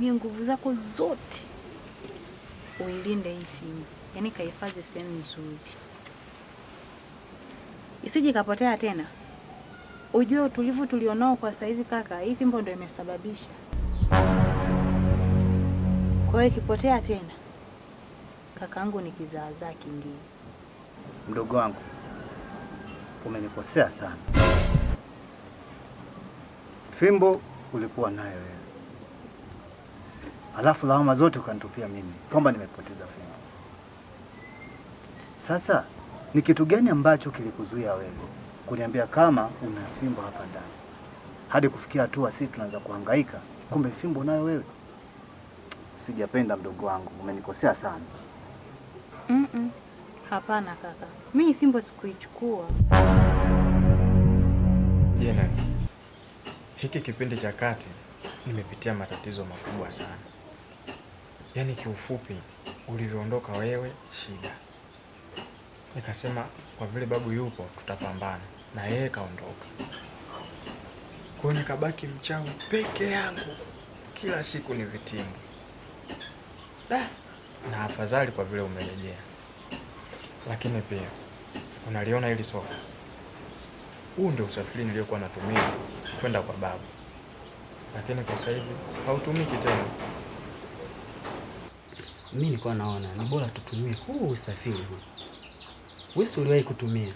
utumie nguvu zako zote uilinde hii fimbo, yaani kahifadhi sehemu nzuri isije kapotea tena. Ujue utulivu tulionao kwa saizi kaka, hii fimbo ndio imesababisha. Kwa hiyo ikipotea tena, kakaangu ni kizaazaa kingine. Mdogo wangu, umenikosea sana. Fimbo ulikuwa nayo wewe alafu lawama zote ukanitupia mimi kwamba nimepoteza fedha. Sasa ni kitu gani ambacho kilikuzuia wewe kuniambia kama una fimbo hapa ndani, hadi kufikia hatua sisi tunaanza kuhangaika, kumbe fimbo nayo wewe? Sijapenda mdogo wangu, umenikosea sana. mm -mm. Hapana kaka, mimi fimbo sikuichukua. Jena, hiki kipindi cha kati nimepitia matatizo makubwa sana yani kiufupi ulivyoondoka wewe shida. Nikasema kwa vile babu yupo tutapambana na yeye kaondoka. Kwa nikabaki mchawi peke yangu. Kila siku ni vitimbi. Da, na afadhali kwa vile umerejea. Lakini pia unaliona hili sofa. Huu ndio usafiri niliokuwa natumia kwenda kwa babu. Lakini kwa sasa hivi hautumiki tena mi nilikuwa naona ni bora tutumie huu usafiri huu, wewe uliwahi kutumia,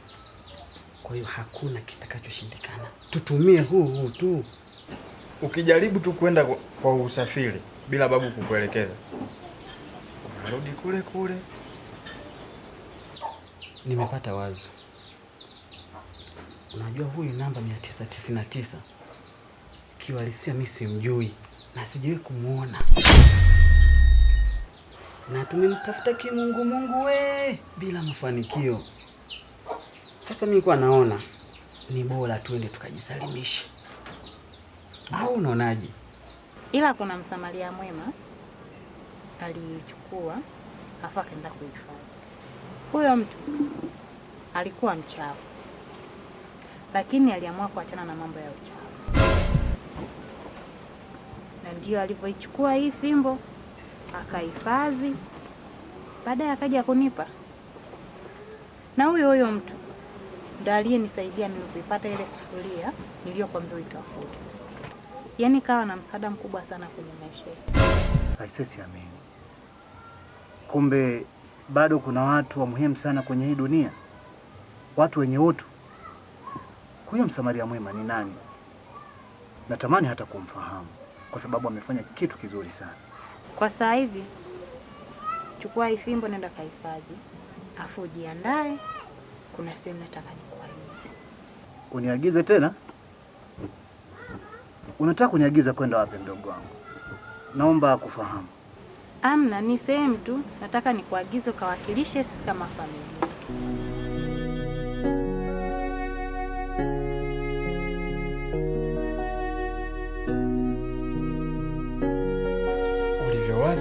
kwa hiyo hakuna kitakachoshindikana. Tutumie huu huu tu. Ukijaribu tu kwenda kwa usafiri bila babu kukuelekeza, unarudi kule kule. Nimepata wazo. Unajua huyu namba mia tisa tisini na tisa kiwalisia, mi simjui na sijawahi kumwona na tumemtafuta mungu we bila mafanikio. Sasa mimi kwa naona ni bora tuende tukajisalimishe, au unaonaje? Ila kuna msamaria mwema alichukua afa akaenda kuhifadhi. Huyo mtu alikuwa mchafu, lakini aliamua kuachana na mambo ya uchafu, na ndio alivyoichukua hii fimbo akahifadhi, baadaye akaja kunipa, na huyo huyo mtu ndo aliyenisaidia nilipopata ile sufuria niliyokwambia itafute. Yaani kawa na msaada mkubwa sana kwenye maisha yetu. Aisee, siamini kumbe bado kuna watu wa muhimu sana kwenye hii dunia, watu wenye utu. Huyo msamaria mwema ni nani? Natamani hata kumfahamu kwa sababu amefanya kitu kizuri sana. Kwa saa hivi chukua hii fimbo, nenda kahifadhi, afu ujiandae, kuna sehemu nataka nikuagize. Uniagize tena? Unataka kuniagiza kwenda wapi, mdogo wangu? Naomba kufahamu. Amna, ni sehemu tu nataka nikuagize, ukawakilishe sisi kama familia.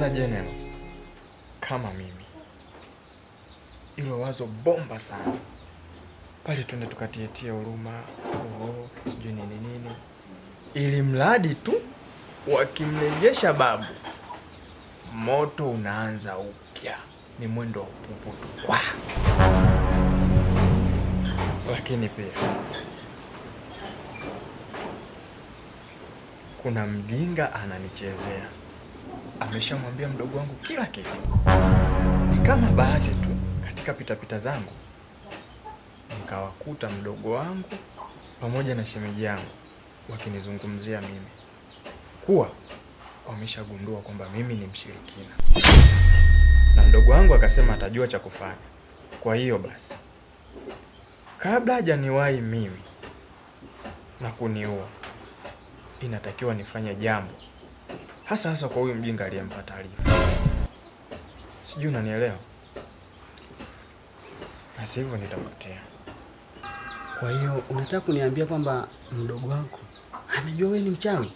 Msikilizaji General, kama mimi, ilo wazo bomba sana pale, twende tukatietie huruma oo, oh, sijui nini nini, ili mradi tu wakimrejesha babu, moto unaanza upya, ni mwendo wa tu kwa. Lakini pia kuna mjinga ananichezea ameshamwambia mdogo wangu kila kitu. Ni kama bahati tu, katika pitapita zangu nikawakuta mdogo wangu pamoja na shemeji yangu wakinizungumzia mimi kuwa wameshagundua kwamba mimi ni mshirikina, na mdogo wangu akasema atajua cha kufanya. Kwa hiyo basi, kabla hajaniwahi mimi na kuniua, inatakiwa nifanye jambo hasa hasa kwa huyu mjinga aliyempa taarifa. Sijui unanielewa? Basi hivyo nitapotea. Kwa hiyo unataka kuniambia kwamba mdogo wako anajua wewe ni mchawi?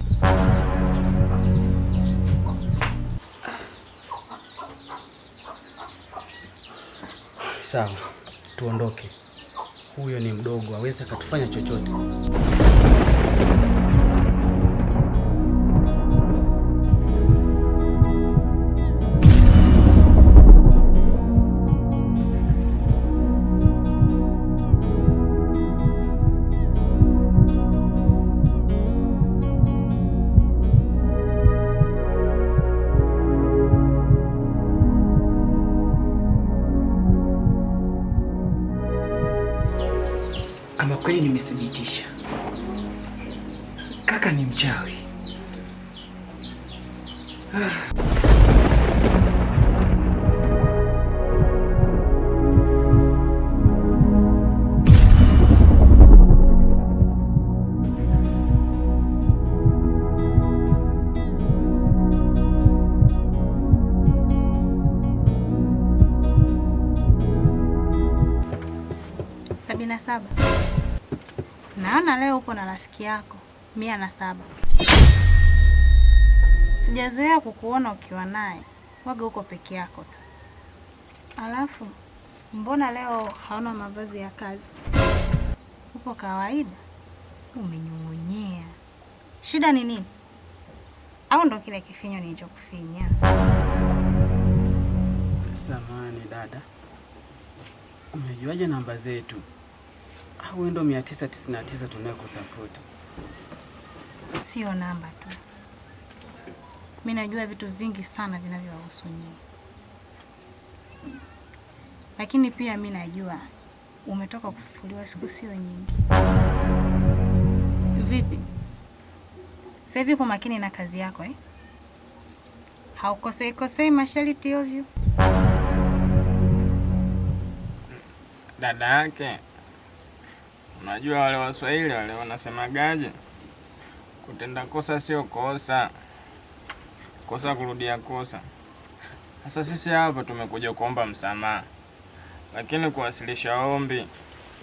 Sawa, tuondoke. Huyo ni mdogo, aweza akatufanya chochote. kaka ni mchawi. Sabina saba. Naona leo uko na rafiki yako mia na saba. Sijazoea kukuona ukiwa naye, waga huko peke yako tu. Alafu mbona leo haona mavazi ya kazi? Upo kawaida, umenyong'onyea. Shida ni nini? Au ndo kile kifinyo nilichokufinya? Samani dada, umejuaje namba zetu? Au ndo mia tisa tisini na tisa tunayokutafuta? Sio namba tu, mi najua vitu vingi sana vinavyowahusu nyinyi, lakini pia mi najua umetoka kufufuliwa siku sio nyingi. Vipi sasa hivi, uko makini na kazi yako eh? Haukosei kosei masharti ovyo. Dada yake, unajua wale Waswahili wale wanasemagaje? Kutenda kosa sio kosa, kosa kurudia kosa. Sasa sisi hapa tumekuja kuomba msamaha, lakini kuwasilisha ombi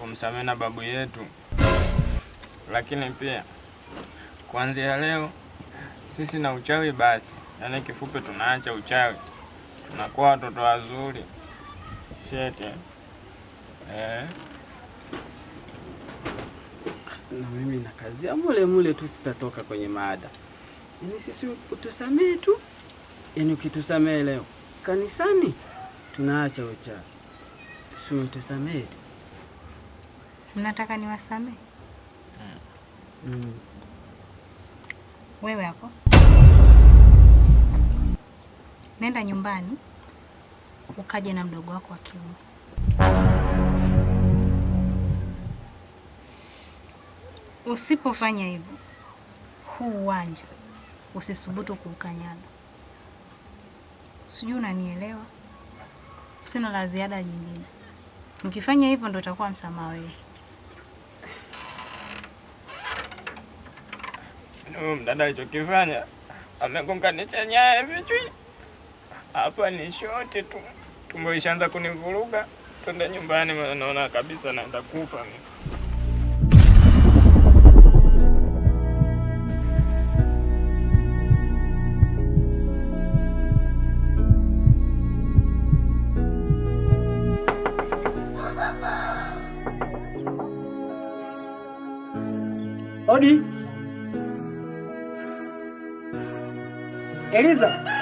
umsamehe na babu yetu, lakini pia kuanzia leo sisi na uchawi basi, yaani kifupi tunaacha uchawi, tunakuwa watoto wazuri shete eh na mimi na kazi mule mule tu, sitatoka kwenye maada. Yaani sisi utusamee tu, yaani ukitusamee leo kanisani tunaacha ucha si utusamee? Mnataka niwasamee? Mm. Wewe hapo nenda nyumbani ukaje na mdogo wako wa kiume. Usipofanya hivyo, huu uwanja usisubutu kuukanyaga. Sijui unanielewa? Sina la ziada jingine. Mkifanya hivyo ndo utakuwa msamaha wewe. Mdada alichokifanya amegonganisha nyaya vichwi hapa, ni shoti tu, tumbo kunivuruga. Twende nyumbani, maana naona kabisa naenda kufa mimi. Odi Eliza.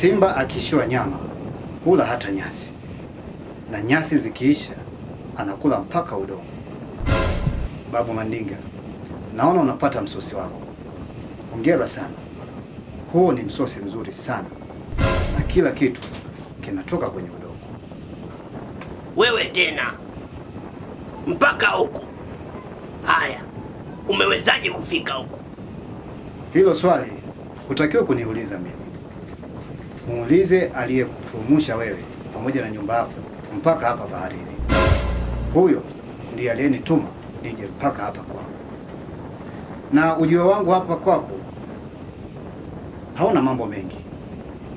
Simba akiishiwa nyama hula hata nyasi, na nyasi zikiisha anakula mpaka udongo. Babu Mandinga, naona unapata msosi wako, hongera sana. Huo ni msosi mzuri sana, na kila kitu kinatoka kwenye udongo. Wewe tena mpaka huku? Haya, umewezaje kufika huku? Hilo swali hutakiwa kuniuliza mimi muulize aliyekufurumusha wewe pamoja na nyumba yako mpaka hapa baharini. Huyo ndiye aliyenituma nije mpaka hapa kwako, na ujio wangu hapa kwako hauna mambo mengi,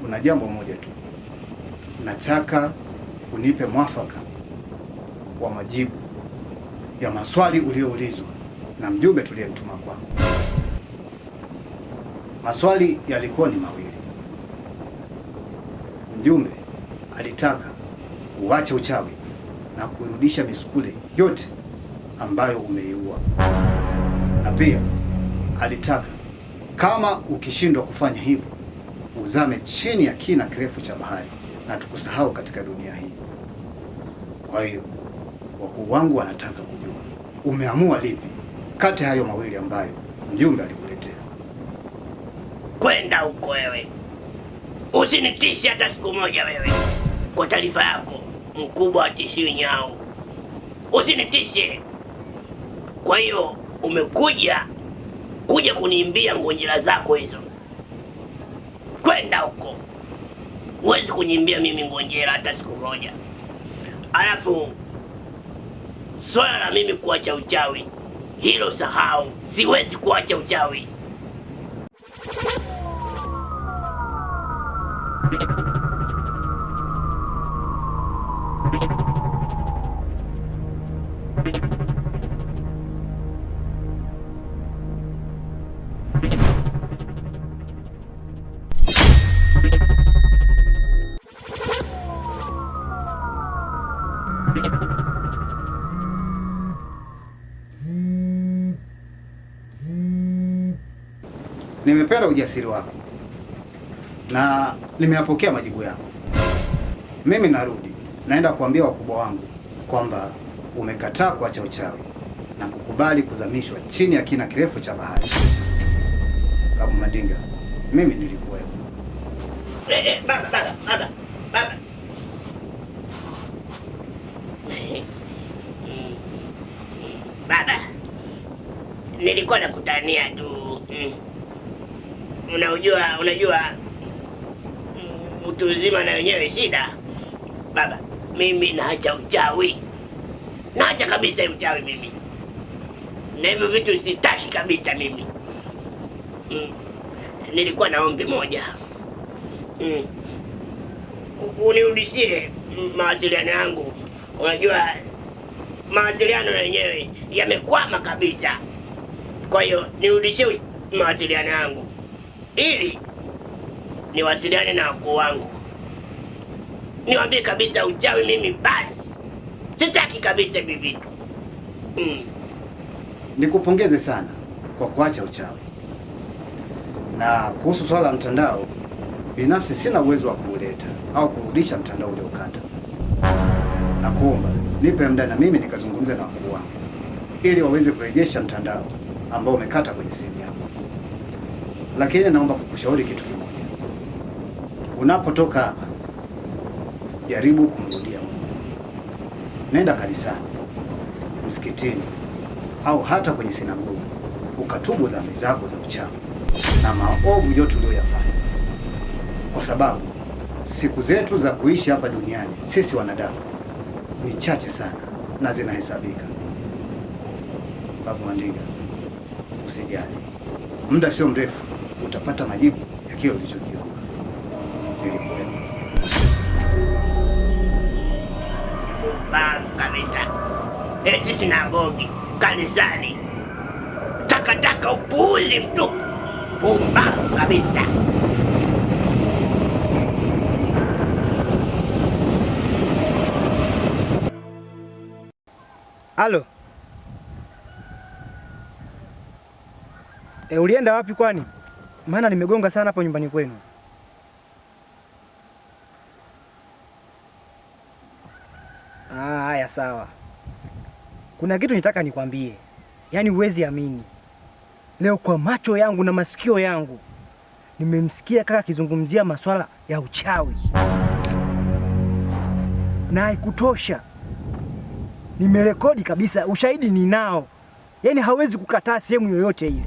una jambo moja tu. Nataka unipe mwafaka wa majibu ya maswali uliyoulizwa na mjumbe tuliyemtuma kwako. Maswali yalikuwa ni mawili. Mjumbe alitaka uache uchawi na kurudisha misukule yote ambayo umeiua, na pia alitaka kama ukishindwa kufanya hivyo uzame chini ya kina kirefu cha bahari na tukusahau katika dunia hii. Kwa hiyo wakuu wangu wanataka kujua umeamua lipi kati hayo mawili ambayo mjumbe alikuletea. Kwenda huko wewe. Usinitishi hata siku moja wewe. Kwa taarifa yako, mkubwa atishiwi nyao, Usinitishe. Kwa hiyo umekuja kuja kuniimbia ngonjera zako hizo, kwenda huko. Huwezi kuniimbia mimi ngonjera hata siku moja. Alafu swala la mimi kuacha uchawi hilo sahau, siwezi kuacha uchawi. Nimependa ujasiri wako na nimeyapokea majibu yako. Mimi narudi, naenda kuambia wakubwa wangu kwamba umekataa kuacha uchawi na kukubali kuzamishwa chini ya kina kirefu cha bahari. Babu Madinga, mimi nilikuwepo. Eh, eh, baba, baba, baba, baba. Eh, mm, baba, nilikuwa nakutania tu. Mm. Unajua, unajua mtu uzima na wenyewe shida. Baba, mimi naacha uchawi, naacha kabisa uchawi mimi, na hivyo vitu sitaki kabisa mimi. Mm. Nilikuwa na ombi moja. Mm. Unirudishie mawasiliano yangu. Unajua mawasiliano yenyewe yamekwama kabisa, kwa hiyo nirudishie mawasiliano yangu ili niwasiliane na wakuu wangu, niwaambie kabisa uchawi mimi basi sitaki kabisa hivi vitu mm. Nikupongeze sana kwa kuacha uchawi, na kuhusu swala la mtandao, binafsi sina uwezo wa kuuleta au kurudisha mtandao uliokata. Nakuomba nipe muda na mimi nikazungumze na wakuu wangu ili waweze kurejesha mtandao ambao umekata kwenye simu yako, lakini naomba kukushauri kitu kimoja. Unapotoka hapa, jaribu kumrudia Mungu. Nenda kanisani, msikitini, au hata kwenye sinagogi ukatubu dhambi zako za uchafu na maovu yote uliyoyafanya, kwa sababu siku zetu za kuishi hapa duniani sisi wanadamu ni chache sana na zinahesabika. Babu Mandinga, usijali, muda sio mrefu utapata majibu ya kile ulichokiona. Babu kabisa, eti eh, sinagogi kanisani, takataka, upuuzi mtu, pumbavu kabisa. Halo. E, eh, ulienda wapi kwani? Maana nimegonga sana hapo nyumbani kwenu. sawa. Kuna kitu nitaka nikwambie, yaani huwezi amini. Leo kwa macho yangu na masikio yangu nimemsikia kaka akizungumzia masuala ya uchawi, na haikutosha, nimerekodi kabisa, ushahidi ninao, yaani hawezi kukataa sehemu yoyote ile.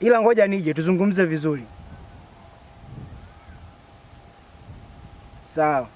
Ila ngoja nije tuzungumze vizuri. Tchau.